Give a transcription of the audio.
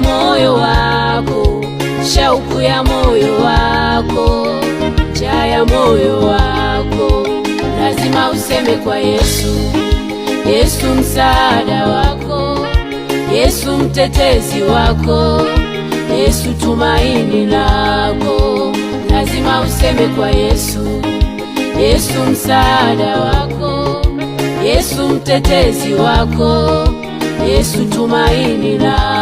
moyo wako, shauku ya moyo wako, njaa ya moyo wako, lazima useme kwa Yesu. Yesu msaada wako, Yesu mtetezi wako, Yesu tumaini lako, lazima useme kwa Yesu. Yesu msaada wako, Yesu mtetezi wako, Yesu tumaini lako